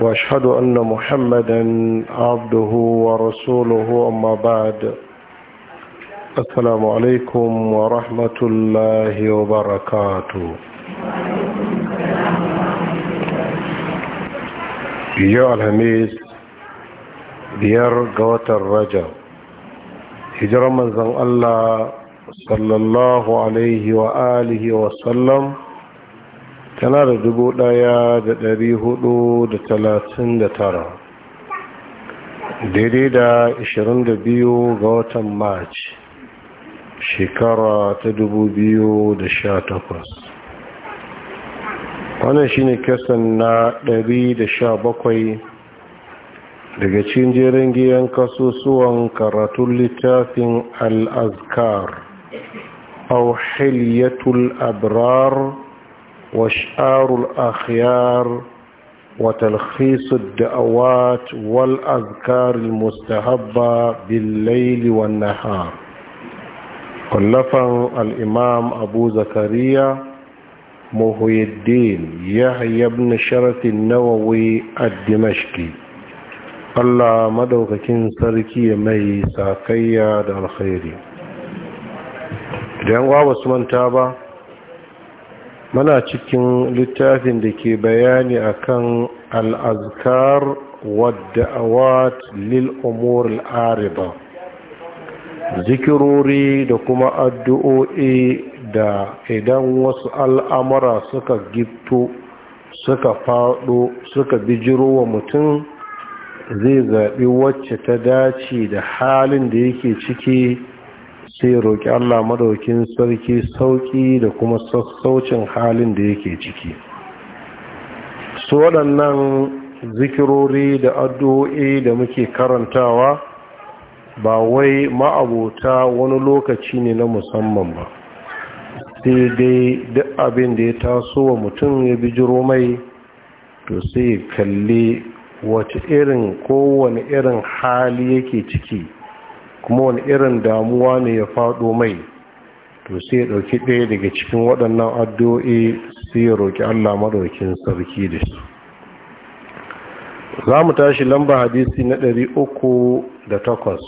واشهد ان محمدا عبده ورسوله اما بعد السلام عليكم ورحمه الله وبركاته يا الهميس بيار قوات الرجب من manzon صلى الله عليه وآله وسلم wa tana da dubu ɗaya da dari hudu da talatin da tara daidai da ashirin da biyu ga watan march shekara ta dubu biyu da sha takwas wannan shine kasan na dari da sha bakwai daga cikin jirin giyan kasusuwan karatun littafin al'azkar au hilyatul abrar وشعار الأخيار وتلخيص الدعوات والأذكار المستهبة بالليل والنهار كلفا الإمام أبو زكريا محي الدين يحيى بن شرف النووي الدمشقي الله مدوككين سركي مي ساكيا الخير idan wa basu manta ba mana cikin littafin da ke bayani akan al'azkar wadda awat lil al'ariba zikirori da kuma addu'o'i da idan wasu al'amura suka gifto suka faɗo suka bijiro wa mutum zai zaɓi wacce ta dace da halin da yake ciki sai roƙi Allah madaukin sarki sauƙi da kuma sassaucin halin da yake ciki su waɗannan zikirori da addu'o'i da muke karantawa ba wai ma'abota wani lokaci ne na musamman ba sai dai duk abin da ya taso wa mutum ya bi jiro mai to sai kalli wata irin kowane irin hali yake ciki kuma wani irin damuwa ne ya faɗo mai to sai ya ɗauki ɗaya daga cikin waɗannan addu'o'i sai ya roƙi Allah maɗaukin sarki da su za mu tashi lamba hadisi na ɗari uku da takwas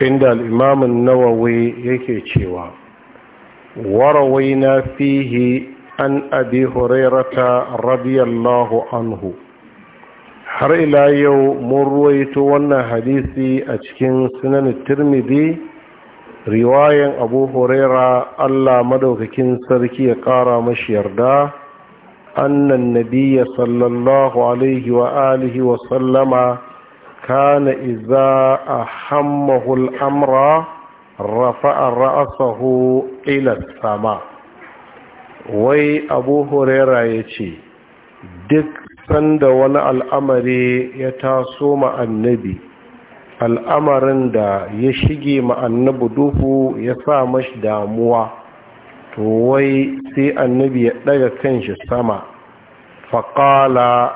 inda al'imamin nawawe yake cewa warawai na fihi an abi hurairata radiyallahu anhu har ila yau mun ruwaito wannan hadisi a cikin sunan tirmidhi riwayan abu huraira allah madaukakin sarki ya kara mashi yarda annan nabiya sallallahu alaihi wa alihi wa sallama kana iza a hammahul amra rafa'a ra'asahu ila sama wai abu huraira ya ce duk sanda wani al'amari ya taso ma annabi al'amarin da ya shige ma annabi duhu ya sa mashi damuwa to wai sai annabi ya daga kanshi sama faƙala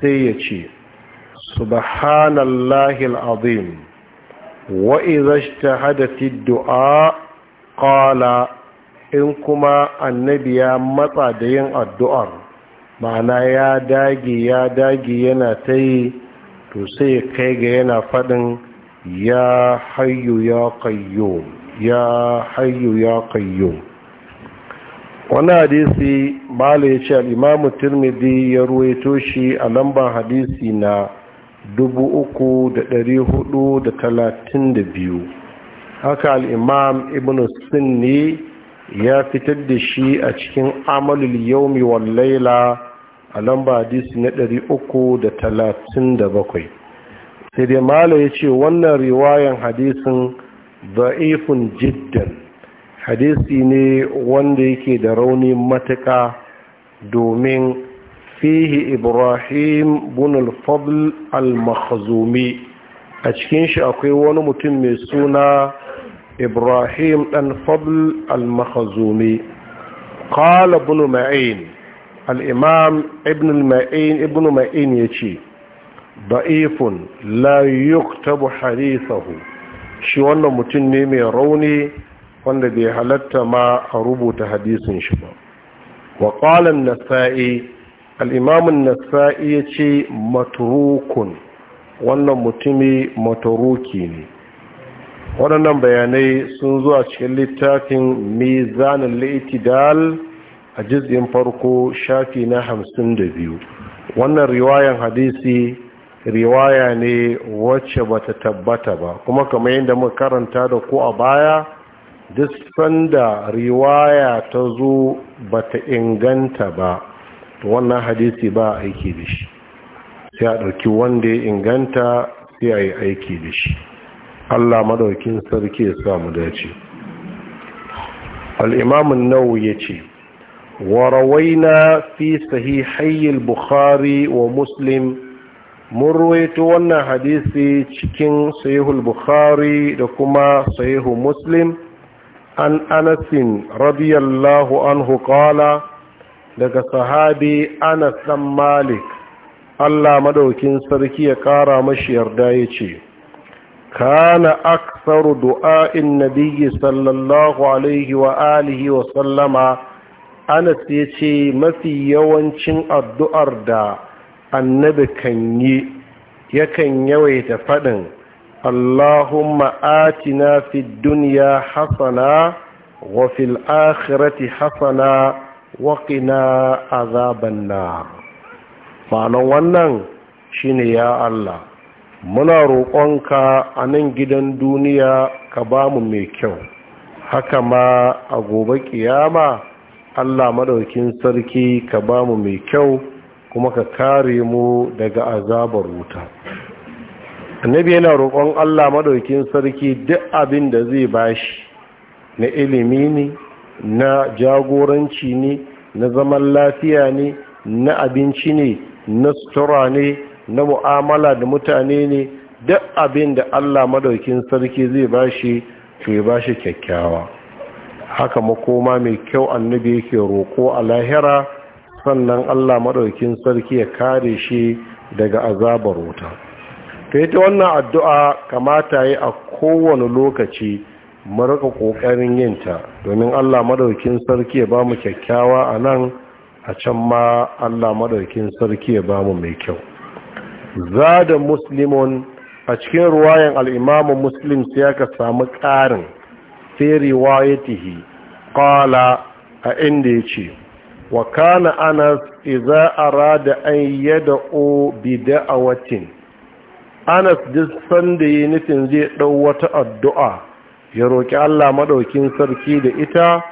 sai ya ce subhanallahi al'azim wa izashta hadafi du'a ƙala in kuma annabi ya matsa da yin addu'ar ma'ana ya dage ya dage yana ta yi to sai kai ga yana faɗin ya hayu ya kayo ya hayu ya kayo wani hadisi Malu ya ce al'imamu turmidi ya ruwaito shi a lambar hadisi na 3,432 haka al'imam ibn sinni ya fitar da shi a cikin amalul yaumi wal laila a lamba hadisi na ɗari uku da talatin da bakwai sai dai mala ya ce wannan riwayan hadisin za'ifun jiddan hadisi ne wanda yake da rauni matuka domin fihi ibrahim bin al-fadl al-makhzumi a cikin shi akwai wani mutum mai suna ibrahim dan fadl al-makhzumi qala ibn ma'in al'imam ibn ma'in ibn ma'in ya ce ba'ifun la yuktabu hadisahu shi wannan mutum ne mai rauni wanda bai halatta ma a rubuta hadisin shi ba wa nasa'i al Nasai ya nasai yace matrukun wannan mutumi maturuki ne waɗannan bayanai sun zuwa cikin littafin mizanin laitidal itidal a jizgin farko shafi na hamsin da biyu wannan riwayan hadisi riwaya ne wacce ba ta tabbata ba kuma kamar yadda muka karanta da ku a baya duk sanda riwaya ta zo ba ta inganta ba wannan hadisi ba a aiki da shi sai a ɗauki wanda ya inganta sai a yi aiki da shi allah maɗaukin sarki ya samu dace al'imamun nau ya ce وروينا في صحيحي البخاري ومسلم مرويت وانا حديثي تشكين صحيح البخاري لكما صحيح مسلم عن أنس رضي الله عنه قال لك صحابي أنس مالك الله مدوكين سركي كارا مشير دايتشي كان أكثر دعاء النبي صلى الله عليه وآله وسلم anas ya ce mafi yawancin addu'ar da annabi kan yi yakan yawaita faɗin allahumma atina fi duniya hasana wa fil akhirati hasana wa qina azaban na. ma'anan wannan shine ya Allah muna roƙonka a nan gidan duniya ka bamu mai kyau haka ma a gobe ƙiyama Allah madaukin sarki ka bamu mai kyau kuma ka kare mu daga azabar wuta annabi yana roƙon Allah madaukin sarki duk abin da zai bashi na ilimi ne na jagoranci ne na zaman lafiya ne na abinci ne na sutura ne na mu'amala da mutane ne duk abin da Allah madaukin sarki zai bashi to ya bashi kyakkyawa haka makoma mai kyau annabi yake roƙo a lahira sannan Allah maɗaukin sarki ya kare shi daga azabar wuta ta ita wannan addu'a kamata yi a kowane lokaci maraka ƙoƙarin yinta domin Allah maɗaukin sarki ya ba mu kyakkyawa a nan a can ma Allah maɗaukin sarki ya ba mu mai kyau zada muslimun a cikin ruwayan al'imamun muslim sai ka samu ƙarin fi riwayatihi qala a inda yace wa kana anas idza arada an yad'u bi da'awatin anas duk sanda yayin nufin zai ɗau wata addu'a ya roki Allah maɗaukin sarki da ita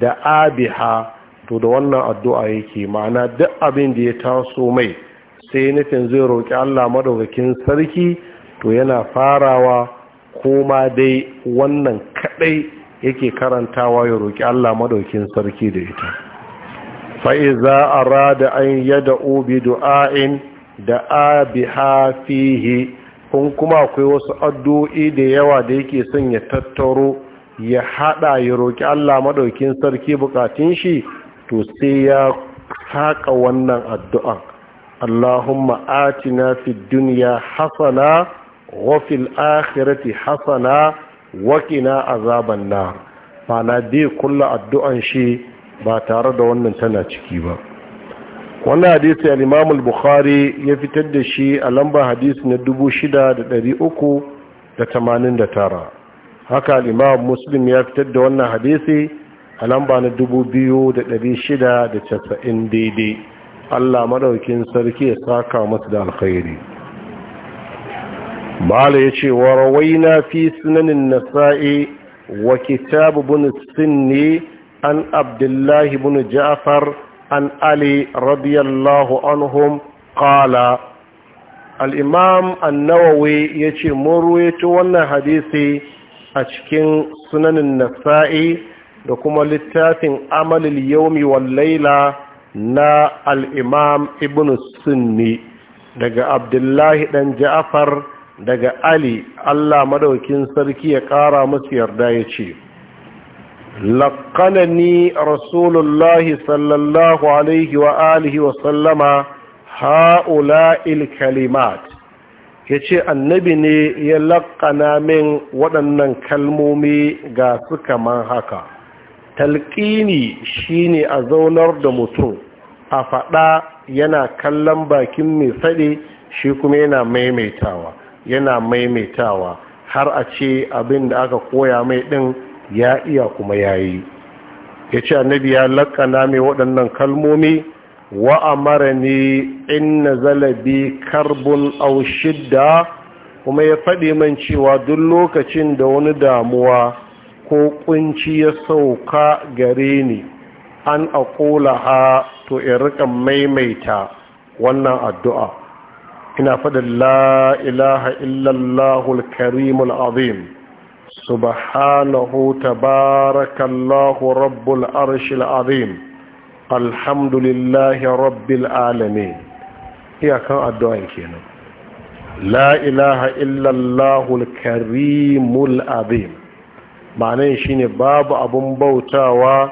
da abiha to da wannan addu'a yake ma'ana duk abin da ya taso mai sai nufin zai roƙi Allah maɗaukakin sarki to yana farawa koma dai wannan kadai yake karantawa ya roƙi Allah madaukin sarki da ita fa iza arada an yada obi du'ain da'a biha fihi kun kuma akwai wasu addu'o'i da yawa da yake son ya tattaro ya hada ya roƙi Allah madaukin sarki bukatun shi to sai ya saka wannan addu'an Allahumma atina fid dunya hasana wa fil Hassana hasana wa qina azaban na mana bai kulla addu'an shi ba tare da wannan tana ciki ba wannan hadisi al-imam al-bukhari ya fitar da shi a lamba hadisi na 6389 haka al-imam muslim ya fitar da wannan hadisi a lamba na 2690 daidai Allah madaukin sarki ya saka masu da alkhairi mala ya ce wa rawaina fi sunanin nasa'i wa kitabu bin sinni an abdullahi bin ja'far an ali radiyallahu anhum qala al-imam an-nawawi yace mun ruwaito wannan hadisi a cikin sunanin nasa'i da kuma littafin amalin yawmi wal na al-imam ibn sunni daga abdullahi dan ja'far daga ali allah madaukin sarki ya ƙara masu yarda ya ce laƙanani rasulullahi sallallahu alaihi wa alihi wa sallama ha'ula'il kalimat ya ce annabi ne ya laƙana min waɗannan kalmomi ga su kamar haka talƙini shine a zaunar da mutum a faɗa yana kallon bakin mai faɗi shi kuma yana maimaitawa yana maimaitawa har a ce abin da aka koya mai din ya iya kuma ya yi ya ce annabi ya lakana mai waɗannan kalmomi wa'amara ne in na zalabi karbun au shidda kuma ya faɗi man cewa duk lokacin da wani damuwa ko kunci ya sauka gare ni an akola ha to in rika maimaita wannan addu'a ina faɗin la ilaha illallahul karimul azim subhanahu tabarakallahu rabbul arshil azim alhamdulillahi rabbil alamin iyakan addu'an kenan la ilaha illallahul karimul azim ma'anin shine babu abun bautawa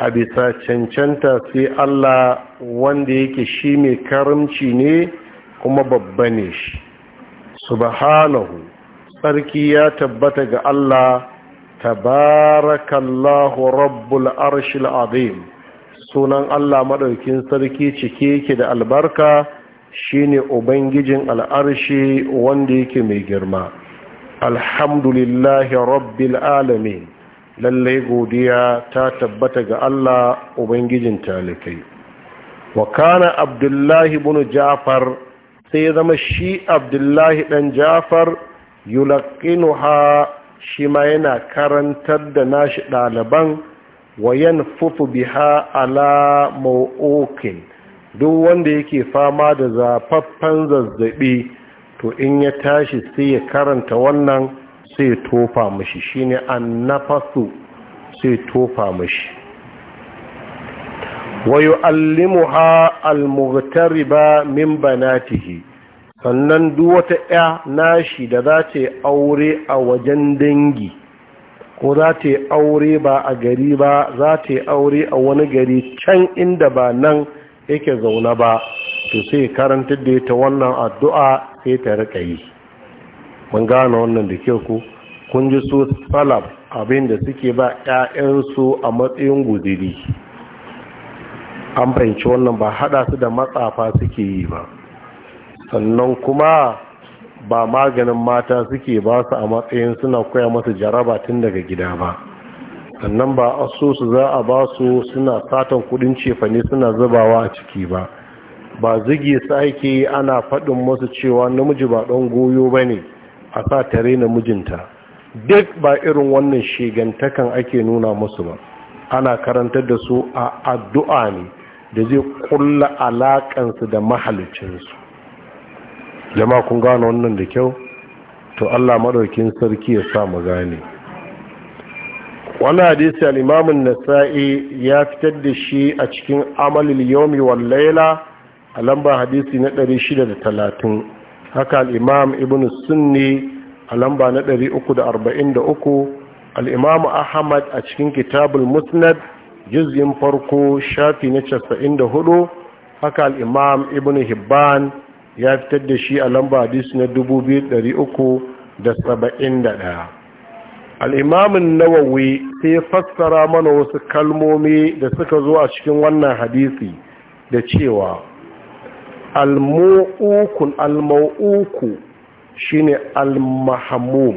a bisa cancanta sai Allah wanda yake shi mai karamci ne kuma babba ne shi subhanahu sarki ya tabbata ga Allah tabarakallahu rabbul arshil azim sunan Allah madaukin sarki cike yake da albarka shine ubangijin al'arshi wanda yake mai girma alhamdulillahi rabbil alamin lallai godiya ta tabbata ga Allah ubangijin talikai wa kana abdullahi ibn ja'far sai ya zama shi abdullahi ɗan jafar ha shi ma yana karantar da nashi ɗaliban wayan fufu biha ala ma'okin duk wanda yake fama da zafaffen zazzaɓi to in ya tashi sai ya karanta wannan sai tofa mashi shine nafasu sai tofa mashi wa yu'allimuha al-mughtariba min sannan duk wata ya nashi da za ta yi aure a wajen dangi ko za ta yi aure ba a gari ba za ta yi aure a wani gari can inda ba nan yake zaune ba to sai karanta da ta wannan addu'a sai ta rika yi mun gane wannan da kyau ku kun ji su salaf abin da suke ba 'ya'yansu a matsayin guziri an fahimci wannan ba hada su da matsafa suke yi ba sannan kuma ba maganin mata suke ba su a matsayin suna koya masu jaraba tun daga gida ba sannan ba asusu za a ba su suna satan kudin cefane suna zubawa a ciki ba ba zugi su yi ana faɗin masu cewa namiji ba ɗan goyo ba ne a sa tare na mijinta duk ba irin wannan shigantakan ake nuna musu ba ana karantar da su a addu'a ne da zai kulla alaƙansu da mahalicinsu jama'a kun gano wannan da kyau to allah maɗaukin sarki ya sa mu gane wani hadisi al'imamun nasa'i ya fitar da shi a cikin amalil yomi wallaila a lamba hadisi na 630 haka al'imam ibn sunni a lamba na 343 al'imamu ahmad a cikin kitabul musnad juz'in farko shafi na hudu, haka al’imam ibn hibban ya fitar da shi a lamba hadis na 2371 ɗaya. Al'imamin nawawi sai ya fassara mana wasu kalmomi da suka zo a cikin wannan hadisi da cewa al-mu'ukun al shi shine al mahammum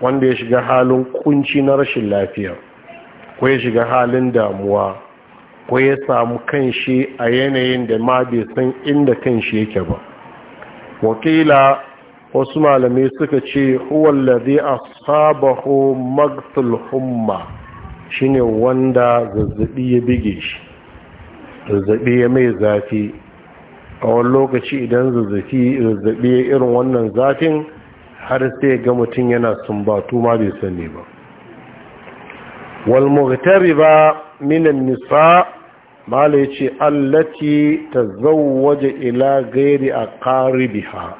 wanda ya shiga halin kunci na rashin lafiya ko ya shiga halin damuwa ko ya samu kanshi a yanayin da ma bai san inda kanshi yake ba wakila wasu malamai suka ce huwallazi asabahu magtul humma shine wanda zazzabi ya bige shi zazzabi ya mai zafi a wani lokaci idan zazzafi zazzabi irin wannan zafin har sai ga mutum yana sumbatu ma bai sani ba والمغتربة من النساء ما ليش التي تزوج إلى غير أقاربها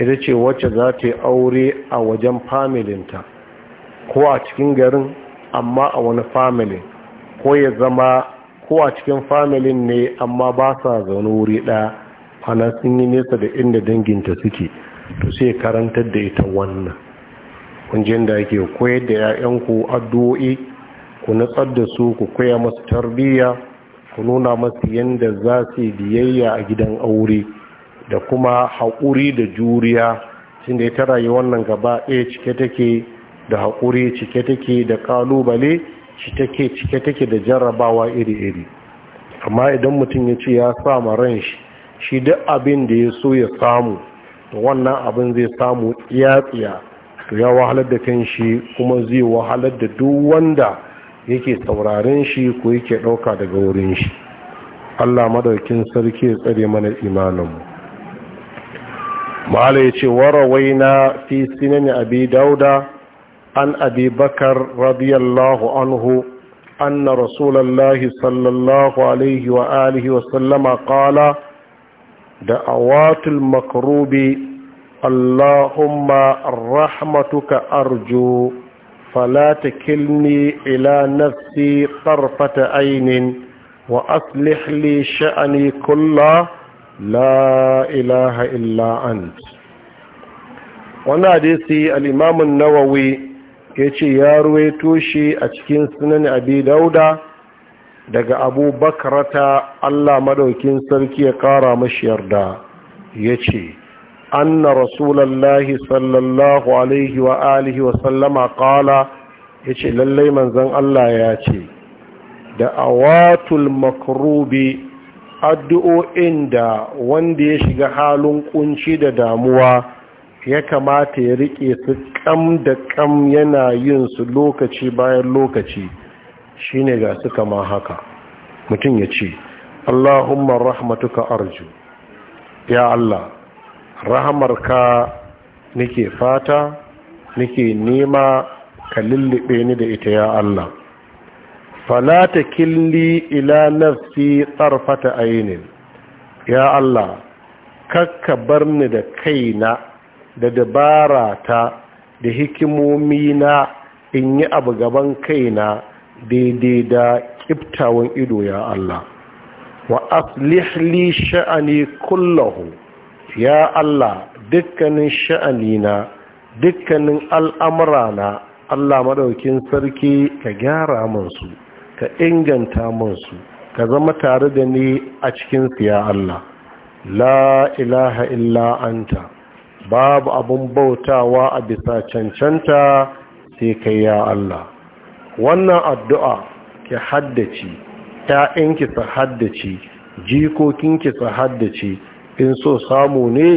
ita ce wacce za ta yi aure a wajen familinta ko a cikin garin amma a wani familin ko ya zama ko a cikin familin ne amma ba sa zaune wuri ɗaya ana sun yi nesa da inda danginta suke to sai karantar da ita wannan kun jin da yake koyar da 'ya'yanku addu'o'i ku nutsar da su ku koya masu tarbiyya ku nuna masu yadda za su biyayya a gidan aure da kuma haƙuri da juriya shi da tara rayu wannan gaba ɗaya cike take da haƙuri cike take da ƙalubale shi take cike take da jarrabawa iri-iri amma idan mutum ya ce ya sama ran shi shi duk abin da ya so ya samu wannan abin zai samu tsiya-tsiya to ya wahalar da kan shi kuma zai wahalar da duk wanda yake sauraren shi ko yake ɗauka daga wurin shi allah madaukin sarki ya tsare mana imaninmu ma'ala ya ce warawai na fi sinani abi dauda an abi bakar radiyallahu anhu أن رسول الله صلى الله عليه وآله وسلم قال دعوات اللهم رحمتك أرجو فلا تكلني إلى نفسي طرفة عين وأصلح لي شأني كله لا إله إلا أنت Nawawi, ديسي الإمام النووي ruwe ياروي توشي cikin سنن أبي dauda daga abu bakarata Allah madaukin sarki ya kara mashi yarda ya ce أن رسول الله صلى الله عليه وآله وسلم قال يشي للي من زن الله ياتي دعوات المكروب addu'o inda wanda ya shiga halin kunci da damuwa ya kamata ya rike su kam da kam yana yin su lokaci bayan lokaci shine ga su kama haka mutum ya ce Allahumma rahmatuka arju ya Allah rahamarka nike fata nike nema ka lullube ni da ita ya Allah fala ta killi ila nafsi tsarfata ainin ya Allah kakka bar ni da kaina da dabara ta da hikimomi na in yi abu gaban kaina daidai da kiftawan ido ya Allah wa aslih li sha'ani kullahu ya Allah dukkanin sha'anina dukkanin na? Allah maɗaukin sarki ka gyara mansu ka inganta mansu ka zama tare da ni a cikin ya Allah la ilaha illa anta babu abun bautawa a bisa cancanta sai ka ya Allah wannan addu'a ki haddace ‘ya'yanki su haddace jikokinki su haddace in so samu ne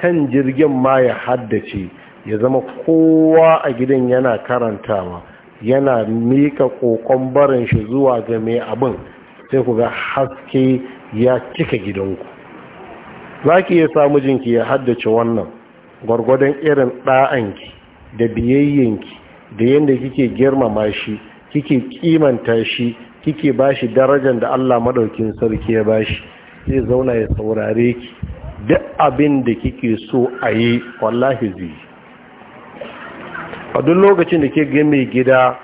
kan jirgin ma ya haddace ya zama kowa a gidan yana karantawa yana mika kokon barin shi zuwa ga mai abin sai ku ga haske ya cika gidanku za ki iya samu jinki ya haddace wannan gwargwadon irin ɗa'anki da biyayyanki da yadda kike girmama shi kike kimanta shi kike bashi darajar da Allah maɗaukin sarki ya bashi zai zauna ya saurare ki duk abin da kike so a yi wallahi zai a duk lokacin da ke ga gida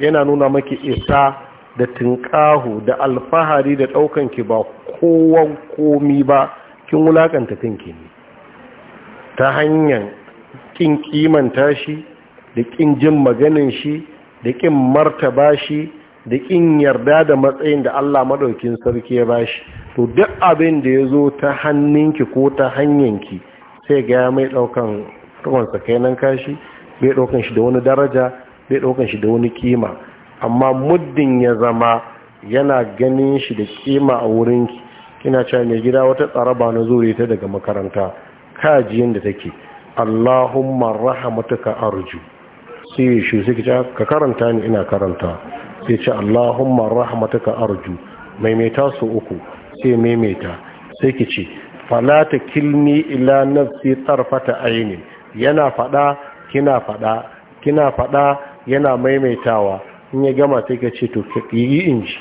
yana nuna maki isa da tunƙahu da alfahari da ɗaukanki ba kowan komi ba kin wulaƙanta kanki ne ta hanyar ƙin kimanta shi da ƙin jin maganin shi da ƙin martaba shi da ƙin yarda da matsayin da Allah maɗaukin sarki ya ba shi, to duk abin da ya zo ta hannunki ko ta hanyanki sai ga mai ɗaukan ruwansa kainan kashi bai ɗaukan shi da wani daraja bai ɗaukan shi da wani kima amma muddin ya zama yana ganin shi da kima a wurinki kina cewa mai gida wata tsaraba na zuri ta daga makaranta kajiyin da take Allahumma rahmatuka arju sai shi suke ka karanta ni ina karanta sai ce Allahumma rahmataka arju maimaita su uku sai maimaita sai ki ce fala ta kilni ila nafsi tsarfata aini yana fada kina fada kina fada yana maimaitawa in ya gama sai ka ce to yi inji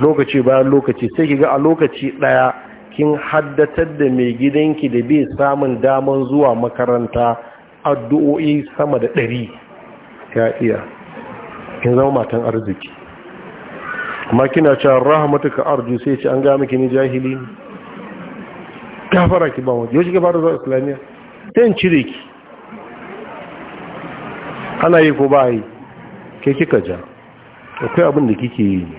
lokaci bayan lokaci sai ki ga a lokaci ɗaya kin haddatar da mai gidanki da bai samun daman zuwa makaranta addu'o'i sama da ɗari ya iya kin zama matan arziki amma kina cewa matuka arju sai ce an ga miki ne jahili gafara ki ba mu yau kika fara zuwa islamiyya sai in cire ki ana yi ko ba yi ke kika ja akwai abin da kike yi ne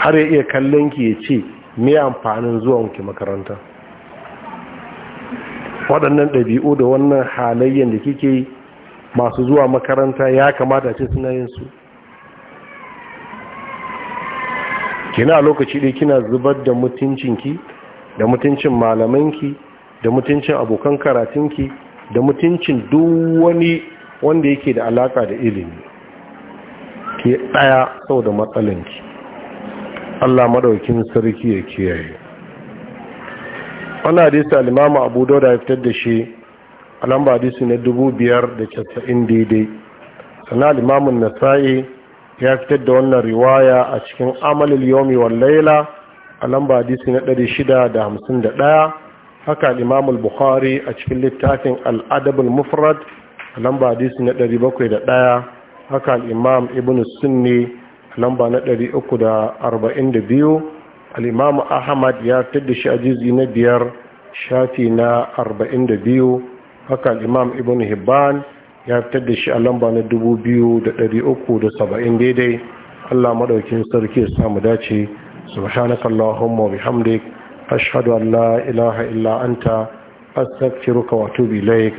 har ya iya kallon ki ya ce me amfanin zuwan ki makaranta waɗannan ɗabi'u da wannan halayyar da kike yi masu zuwa makaranta ya kamata ce suna yin su kina lokaci dai kina zubar da mutuncinki da mutuncin malamanki da mutuncin abokan karatunki da mutuncin duk wani wanda yake da alaka da ilimi ke daya sau da matsalanki Allah madaukin sarki ya kiyaye Wani hadisi al Abu dauda ya fitar da shi a lamba hadisi na dubu biyar da casa'in daidai sannan limamin nasa'i ya fitar da wannan riwaya a cikin amalil yomi wal laila a lamba hadisi na ɗari shida da hamsin da ɗaya haka limamul bukhari a cikin littafin al'adabul mufrad a lamba hadisi na ɗari bakwai da ɗaya haka al'imam ibn sunni a lamba na ɗari uku da arba'in da biyu al'imamu ahmad ya fitar da shi a jizi na biyar shafi na arba'in da biyu haka imam ibn hibban ya fitar da shi a lamba na 2370 daidai allah maɗaukin sarki ya samu dace subhanakallahumma wa bihamdik ashhadu an la ilaha illa anta astaghfiruka wa atubu ilaik